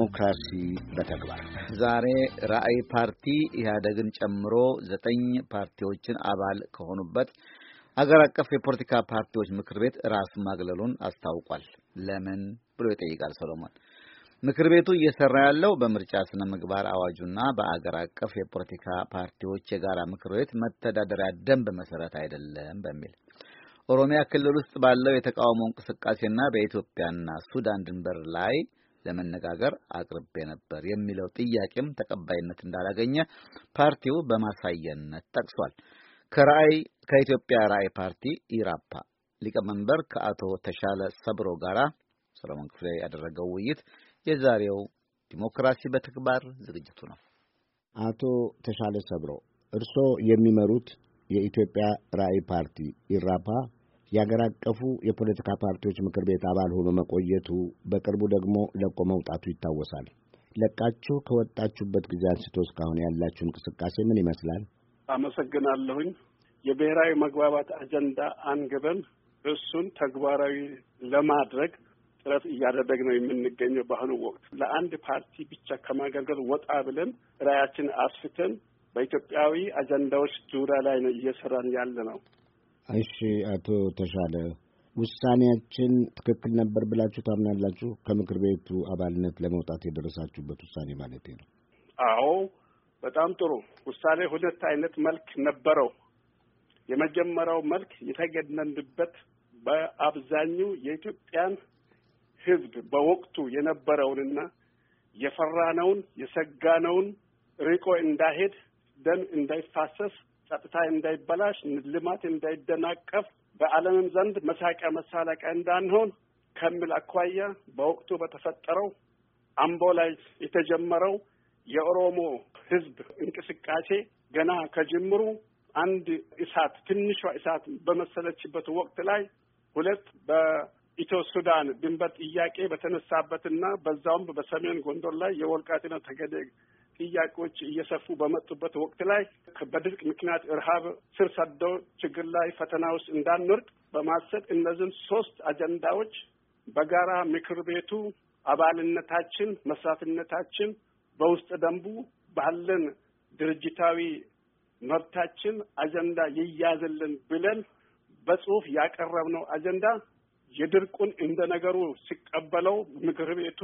ዲሞክራሲ በተግባር ዛሬ ራዕይ ፓርቲ ኢህአደግን ጨምሮ ዘጠኝ ፓርቲዎችን አባል ከሆኑበት አገር አቀፍ የፖለቲካ ፓርቲዎች ምክር ቤት ራስ ማግለሉን አስታውቋል። ለምን ብሎ ይጠይቃል ሰሎሞን። ምክር ቤቱ እየሰራ ያለው በምርጫ ስነ ምግባር አዋጁና በአገር አቀፍ የፖለቲካ ፓርቲዎች የጋራ ምክር ቤት መተዳደሪያ ደንብ መሰረት አይደለም በሚል ኦሮሚያ ክልል ውስጥ ባለው የተቃውሞ እንቅስቃሴና በኢትዮጵያና ሱዳን ድንበር ላይ ለመነጋገር አቅርቤ ነበር የሚለው ጥያቄም ተቀባይነት እንዳላገኘ ፓርቲው በማሳየነት ጠቅሷል። ከራዕይ ከኢትዮጵያ ራዕይ ፓርቲ ኢራፓ ሊቀመንበር ከአቶ ተሻለ ሰብሮ ጋራ ሰለሞን ክፍሌ ያደረገው ውይይት የዛሬው ዲሞክራሲ በተግባር ዝግጅቱ ነው። አቶ ተሻለ ሰብሮ እርስዎ የሚመሩት የኢትዮጵያ ራዕይ ፓርቲ ኢራፓ የአገር አቀፉ የፖለቲካ ፓርቲዎች ምክር ቤት አባል ሆኖ መቆየቱ፣ በቅርቡ ደግሞ ለቆ መውጣቱ ይታወሳል። ለቃችሁ ከወጣችሁበት ጊዜ አንስቶ እስካሁን ያላችሁ እንቅስቃሴ ምን ይመስላል? አመሰግናለሁኝ። የብሔራዊ መግባባት አጀንዳ አንግበን እሱን ተግባራዊ ለማድረግ ጥረት እያደረግ ነው የምንገኘው። በአሁኑ ወቅት ለአንድ ፓርቲ ብቻ ከማገልገል ወጣ ብለን ራያችን አስፍተን በኢትዮጵያዊ አጀንዳዎች ዙሪያ ላይ ነው እየሰራን ያለ ነው። እሺ አቶ ተሻለ ውሳኔያችን ትክክል ነበር ብላችሁ ታምናላችሁ? ከምክር ቤቱ አባልነት ለመውጣት የደረሳችሁበት ውሳኔ ማለት ነው። አዎ በጣም ጥሩ ውሳኔ። ሁለት አይነት መልክ ነበረው። የመጀመሪያው መልክ የተገነንበት በአብዛኛው የኢትዮጵያን ሕዝብ በወቅቱ የነበረውንና የፈራነውን የሰጋነውን ርቆ እንዳይሄድ ደም እንዳይፋሰስ ጸጥታ እንዳይበላሽ፣ ልማት እንዳይደናቀፍ፣ በዓለምም ዘንድ መሳቂያ መሳለቂያ እንዳንሆን ከሚል አኳያ በወቅቱ በተፈጠረው አምቦ ላይ የተጀመረው የኦሮሞ ሕዝብ እንቅስቃሴ ገና ከጅምሩ አንድ እሳት ትንሿ እሳት በመሰለችበት ወቅት ላይ ሁለት በኢትዮ ሱዳን ድንበር ጥያቄ በተነሳበትና በዛውም በሰሜን ጎንደር ላይ የወልቃይትና ጠገዴ ጥያቄዎች እየሰፉ በመጡበት ወቅት ላይ በድርቅ ምክንያት እርሃብ ስር ሰደው ችግር ላይ ፈተና ውስጥ እንዳንወርቅ በማሰብ እነዚህን ሶስት አጀንዳዎች በጋራ ምክር ቤቱ አባልነታችን፣ መስራትነታችን በውስጥ ደንቡ ባለን ድርጅታዊ መብታችን አጀንዳ ይያዝልን ብለን በጽሁፍ ያቀረብነው አጀንዳ የድርቁን እንደ ነገሩ ሲቀበለው ምክር ቤቱ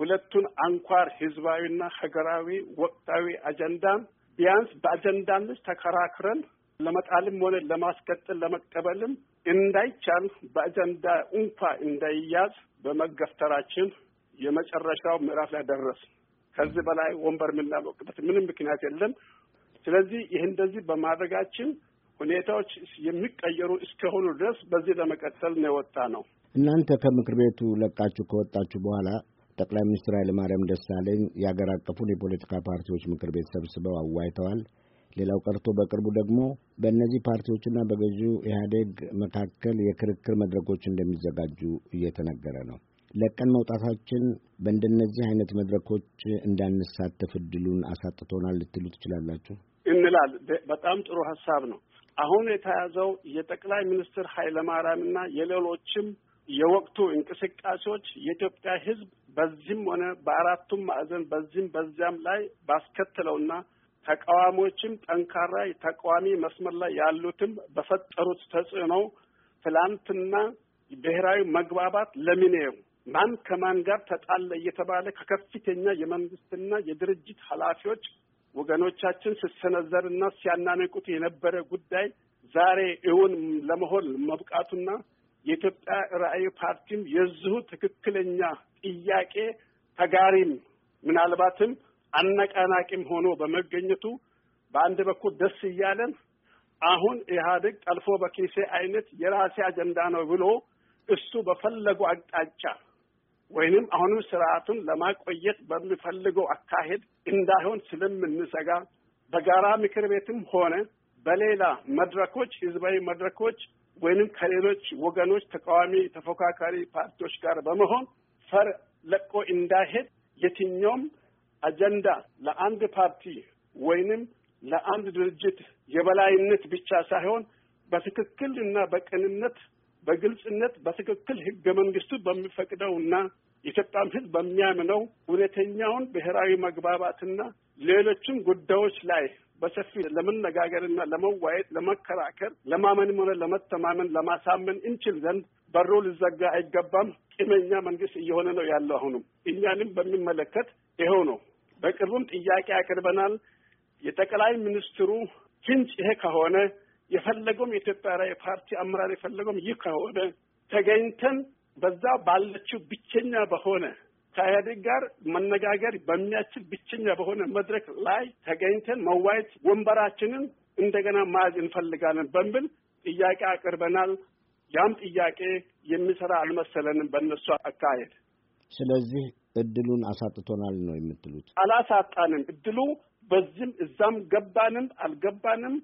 ሁለቱን አንኳር ህዝባዊና ሀገራዊ ወቅታዊ አጀንዳን ቢያንስ በአጀንዳነት ተከራክረን ለመጣልም ሆነ ለማስቀጥል ለመቀበልም እንዳይቻል በአጀንዳ እንኳ እንዳይያዝ በመገፍተራችን የመጨረሻው ምዕራፍ ላይ ደረስ። ከዚህ በላይ ወንበር የምናሞቅበት ምንም ምክንያት የለም። ስለዚህ ይህ እንደዚህ በማድረጋችን ሁኔታዎች የሚቀየሩ እስከሆኑ ድረስ በዚህ ለመቀጠል ነው የወጣ ነው። እናንተ ከምክር ቤቱ ለቃችሁ ከወጣችሁ በኋላ ጠቅላይ ሚኒስትር ኃይለማርያም ደሳለኝ የአገር አቀፉን የፖለቲካ ፓርቲዎች ምክር ቤት ሰብስበው አዋይተዋል። ሌላው ቀርቶ በቅርቡ ደግሞ በእነዚህ ፓርቲዎችና በገዢው ኢህአዴግ መካከል የክርክር መድረኮች እንደሚዘጋጁ እየተነገረ ነው። ለቀን መውጣታችን በእንደነዚህ አይነት መድረኮች እንዳንሳተፍ እድሉን አሳጥቶናል ልትሉ ትችላላችሁ? እንላል። በጣም ጥሩ ሀሳብ ነው። አሁን የተያዘው የጠቅላይ ሚኒስትር ኃይለማርያምና የሌሎችም የወቅቱ እንቅስቃሴዎች የኢትዮጵያ ሕዝብ በዚህም ሆነ በአራቱም ማዕዘን በዚህም በዚያም ላይ ባስከትለውና ተቃዋሚዎችም ጠንካራ ተቃዋሚ መስመር ላይ ያሉትም በፈጠሩት ተጽዕኖ ትላንትና ብሔራዊ መግባባት ለሚኔው ማን ከማን ጋር ተጣለ እየተባለ ከከፍተኛ የመንግስትና የድርጅት ኃላፊዎች ወገኖቻችን ሲሰነዘርና ሲያናንቁት የነበረ ጉዳይ ዛሬ እውን ለመሆን መብቃቱና የኢትዮጵያ ራዕይ ፓርቲም የዚሁ ትክክለኛ ጥያቄ ተጋሪም ምናልባትም አነቃናቂም ሆኖ በመገኘቱ በአንድ በኩል ደስ እያለን አሁን ኢህአዴግ ጠልፎ በኪሴ አይነት የራሴ አጀንዳ ነው ብሎ እሱ በፈለጉ አቅጣጫ ወይንም አሁንም ስርዓቱን ለማቆየት በሚፈልገው አካሄድ እንዳይሆን ስለምንሰጋ በጋራ ምክር ቤትም ሆነ በሌላ መድረኮች፣ ህዝባዊ መድረኮች ወይንም ከሌሎች ወገኖች ተቃዋሚ ተፎካካሪ ፓርቲዎች ጋር በመሆን ፈር ለቆ እንዳይሄድ የትኛውም አጀንዳ ለአንድ ፓርቲ ወይንም ለአንድ ድርጅት የበላይነት ብቻ ሳይሆን በትክክል እና በቅንነት በግልጽነት በትክክል ህገ መንግስቱ በሚፈቅደው እና የኢትዮጵያም ህዝብ በሚያምነው እውነተኛውን ብሔራዊ መግባባትና ሌሎችም ጉዳዮች ላይ በሰፊ ለመነጋገርና ለመዋየት፣ ለመከራከር፣ ለማመንም ሆነ ለመተማመን፣ ለማሳመን እንችል ዘንድ በሮ ሊዘጋ አይገባም። ቂመኛ መንግስት እየሆነ ነው ያለው። አሁንም እኛንም በሚመለከት ይኸው ነው። በቅርቡም ጥያቄ አቅርበናል። የጠቅላይ ሚኒስትሩ ፍንጭ ይሄ ከሆነ የፈለገውም የኢትዮጵያ ፓርቲ አመራር የፈለገውም ይህ ከሆነ ተገኝተን በዛ ባለችው ብቸኛ በሆነ ከኢህአዴግ ጋር መነጋገር በሚያስችል ብቸኛ በሆነ መድረክ ላይ ተገኝተን መዋየት ወንበራችንን እንደገና ማያዝ እንፈልጋለን በሚል ጥያቄ አቅርበናል። ያም ጥያቄ የሚሰራ አልመሰለንም በእነሱ አካሄድ። ስለዚህ እድሉን አሳጥቶናል ነው የምትሉት? አላሳጣንም። እድሉ በዚህም እዛም ገባንም አልገባንም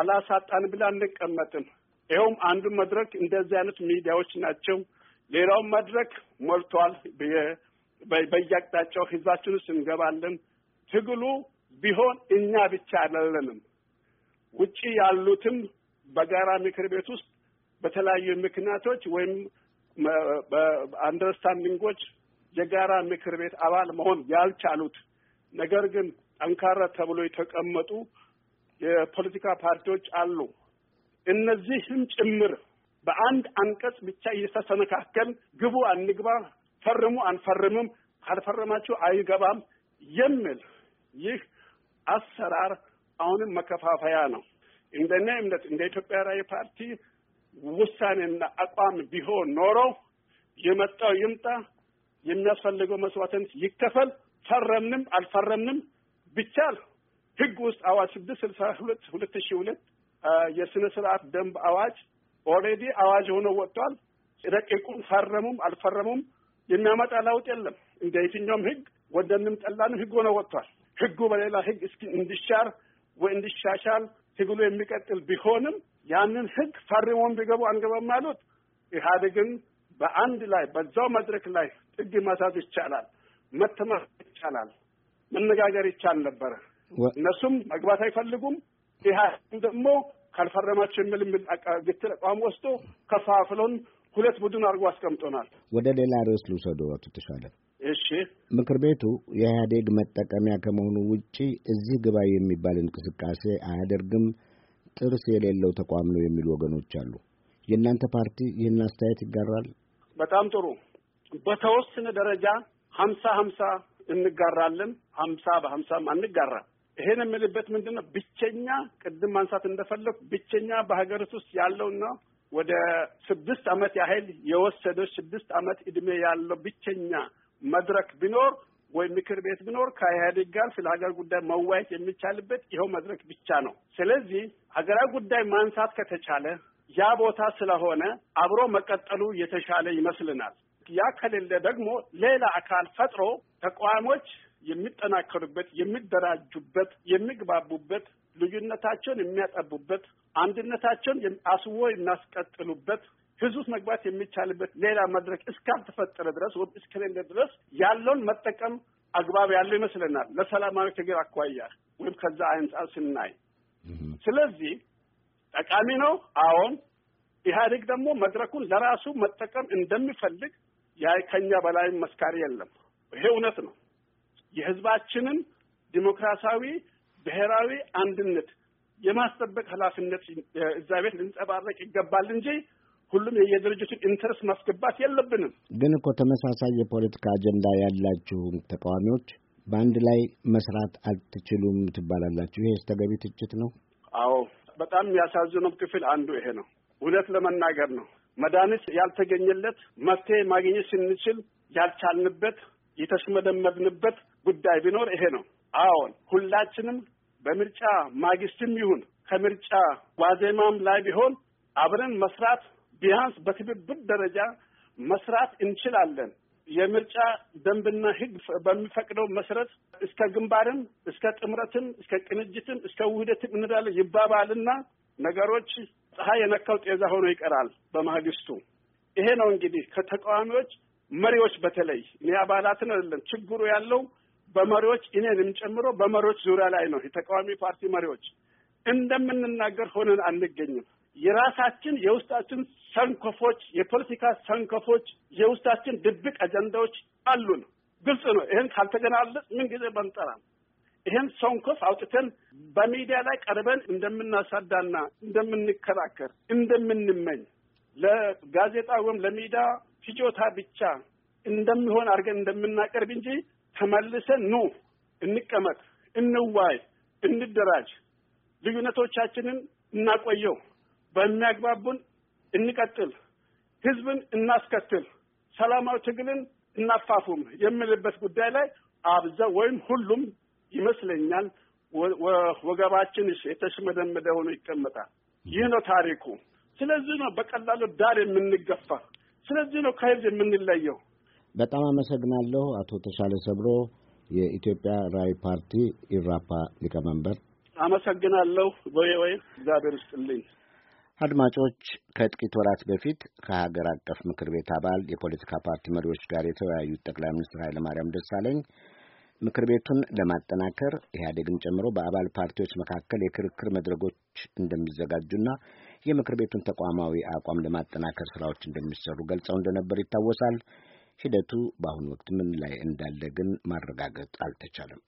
አላሳጣን ብለን አንቀመጥም። ይኸውም አንዱ መድረክ እንደዚህ አይነት ሚዲያዎች ናቸው። ሌላውም መድረክ ሞልቷል። በየአቅጣጫው ህዝባችን ውስጥ እንገባለን። ትግሉ ቢሆን እኛ ብቻ አይደለንም። ውጪ ያሉትም በጋራ ምክር ቤት ውስጥ በተለያዩ ምክንያቶች ወይም በአንደርስታንዲንጎች የጋራ ምክር ቤት አባል መሆን ያልቻሉት ነገር ግን ጠንካራ ተብሎ የተቀመጡ የፖለቲካ ፓርቲዎች አሉ። እነዚህም ጭምር በአንድ አንቀጽ ብቻ እየተሰነካከል ግቡ፣ አንግባ፣ ፈርሙ፣ አንፈርምም፣ ካልፈረማችሁ አይገባም የሚል ይህ አሰራር አሁንም መከፋፈያ ነው። እንደነ እምነት እንደ ኢትዮጵያ ራዕይ ፓርቲ ውሳኔና አቋም ቢሆን ኖሮ የመጣው ይምጣ፣ የሚያስፈልገው መስዋዕትን ይከፈል፣ ፈረምንም አልፈረምንም ቢቻል ህግ ውስጥ አዋጅ ስድስት ስልሳ ሁለት ሁለት ሺ ሁለት የስነ ስርዓት ደንብ አዋጅ ኦሬዲ አዋጅ ሆኖ ወጥቷል። ረቂቁም ፈረሙም አልፈረሙም የሚያመጣ ለውጥ የለም። እንደ የትኛውም ህግ ወደንም ጠላንም ህግ ሆኖ ወጥቷል። ህጉ በሌላ ህግ እስኪ እንዲሻር ወይ እንዲሻሻል ትግሉ የሚቀጥል ቢሆንም ያንን ህግ ፈርሞም ቢገቡ አንገባም አሉት። ኢህአዴግን በአንድ ላይ በዛው መድረክ ላይ ጥግ መሳት ይቻላል፣ መተማት ይቻላል፣ መነጋገር ይቻል ነበረ። እነሱም መግባት አይፈልጉም። ኢህአዴግም ደግሞ ካልፈረማችሁ የሚል ግትር አቋም ወስዶ ከፋፍሎን ሁለት ቡድን አድርጎ አስቀምጦናል። ወደ ሌላ ርዕስ ልውሰዶ አቶ ተሻለ። እሺ፣ ምክር ቤቱ የኢህአዴግ መጠቀሚያ ከመሆኑ ውጪ እዚህ ግባ የሚባል እንቅስቃሴ አያደርግም፣ ጥርስ የሌለው ተቋም ነው የሚሉ ወገኖች አሉ። የእናንተ ፓርቲ ይህን አስተያየት ይጋራል? በጣም ጥሩ። በተወሰነ ደረጃ ሀምሳ ሀምሳ እንጋራለን፣ ሀምሳ በሀምሳም አንጋራል። ይሄን የምልበት ምንድን ነው ብቸኛ ቅድም ማንሳት እንደፈለኩ ብቸኛ በሀገሪቱ ውስጥ ያለውና ወደ ስድስት ዓመት ያህል የወሰደው ስድስት ዓመት እድሜ ያለው ብቸኛ መድረክ ቢኖር ወይም ምክር ቤት ቢኖር ከኢህአዴግ ጋር ስለ ሀገር ጉዳይ መዋየት የሚቻልበት ይኸው መድረክ ብቻ ነው። ስለዚህ ሀገራዊ ጉዳይ ማንሳት ከተቻለ ያ ቦታ ስለሆነ አብሮ መቀጠሉ የተሻለ ይመስልናል። ያ ከሌለ ደግሞ ሌላ አካል ፈጥሮ ተቃዋሞች የሚጠናከሩበት፣ የሚደራጁበት፣ የሚግባቡበት፣ ልዩነታቸውን የሚያጠቡበት፣ አንድነታቸውን አስቦ የሚያስቀጥሉበት ህዝብ መግባት የሚቻልበት ሌላ መድረክ እስካልተፈጠረ ድረስ ወይም እስከሌለ ድረስ ያለውን መጠቀም አግባብ ያለው ይመስለናል። ለሰላማዊ ትግል አኳያ ወይም ከዛ አንጻር ስናይ፣ ስለዚህ ጠቃሚ ነው። አዎን፣ ኢህአዴግ ደግሞ መድረኩን ለራሱ መጠቀም እንደሚፈልግ ያ ከኛ በላይ መስካሪ የለም። ይሄ እውነት ነው። የህዝባችንን ዲሞክራሲያዊ ብሔራዊ አንድነት የማስጠበቅ ኃላፊነት እዛ ቤት ልንጸባረቅ ይገባል እንጂ ሁሉም የየድርጅቱን ኢንተረስት ማስገባት የለብንም። ግን እኮ ተመሳሳይ የፖለቲካ አጀንዳ ያላችሁ ተቃዋሚዎች በአንድ ላይ መስራት አትችሉም ትባላላችሁ። ይሄስ ተገቢ ትችት ነው? አዎ፣ በጣም የሚያሳዝነው ክፍል አንዱ ይሄ ነው። እውነት ለመናገር ነው መድኃኒት ያልተገኘለት መፍትሄ ማግኘት ስንችል ያልቻልንበት የተሽመደመድንበት ጉዳይ ቢኖር ይሄ ነው። አዎን ሁላችንም በምርጫ ማግስትም ይሁን ከምርጫ ዋዜማም ላይ ቢሆን አብረን መስራት ቢያንስ በትብብር ደረጃ መስራት እንችላለን። የምርጫ ደንብና ሕግ በሚፈቅደው መሰረት እስከ ግንባርም እስከ ጥምረትም እስከ ቅንጅትም እስከ ውህደትም እንዳለ ይባባልና ነገሮች ፀሐይ የነካው ጤዛ ሆኖ ይቀራል በማግስቱ። ይሄ ነው እንግዲህ ከተቃዋሚዎች መሪዎች በተለይ እኔ አባላትን አይደለም ችግሩ ያለው በመሪዎች እኔንም ጨምሮ በመሪዎች ዙሪያ ላይ ነው የተቃዋሚ ፓርቲ መሪዎች እንደምንናገር ሆነን አንገኝም። የራሳችን የውስጣችን ሰንኮፎች፣ የፖለቲካ ሰንኮፎች፣ የውስጣችን ድብቅ አጀንዳዎች አሉን። ግልጽ ነው። ይህን ካልተገላለጽ ምን ጊዜ በንጠራም ይህን ሰንኮፍ አውጥተን በሚዲያ ላይ ቀርበን እንደምናሳዳና እንደምንከራከር እንደምንመኝ ለጋዜጣ ወይም ለሚዲያ ፍጆታ ብቻ እንደሚሆን አድርገን እንደምናቀርብ እንጂ ተመልሰን ኑ እንቀመጥ፣ እንዋይ፣ እንደራጅ፣ ልዩነቶቻችንን እናቆየው፣ በሚያግባቡን እንቀጥል፣ ህዝብን እናስከትል፣ ሰላማዊ ትግልን እናፋፉም የምልበት ጉዳይ ላይ አብዛ ወይም ሁሉም ይመስለኛል ወገባችን የተሽመደመደ ሆኖ ይቀመጣል። ይህ ነው ታሪኩ። ስለዚህ ነው በቀላሉ ዳር የምንገፋ። ስለዚህ ነው ከህዝብ የምንለየው። በጣም አመሰግናለሁ አቶ ተሻለ ሰብሮ የኢትዮጵያ ራዕይ ፓርቲ ኢራፓ ሊቀመንበር። አመሰግናለሁ ቪኦኤ። እግዚአብሔር ይስጥልኝ። አድማጮች ከጥቂት ወራት በፊት ከሀገር አቀፍ ምክር ቤት አባል የፖለቲካ ፓርቲ መሪዎች ጋር የተወያዩት ጠቅላይ ሚኒስትር ኃይለማርያም ደሳለኝ ምክር ቤቱን ለማጠናከር ኢህአዴግን ጨምሮ በአባል ፓርቲዎች መካከል የክርክር መድረጎች እንደሚዘጋጁና የምክር ቤቱን ተቋማዊ አቋም ለማጠናከር ስራዎች እንደሚሰሩ ገልጸው እንደነበር ይታወሳል። ሂደቱ በአሁኑ ወቅት ምን ላይ እንዳለ ግን ማረጋገጥ አልተቻለም።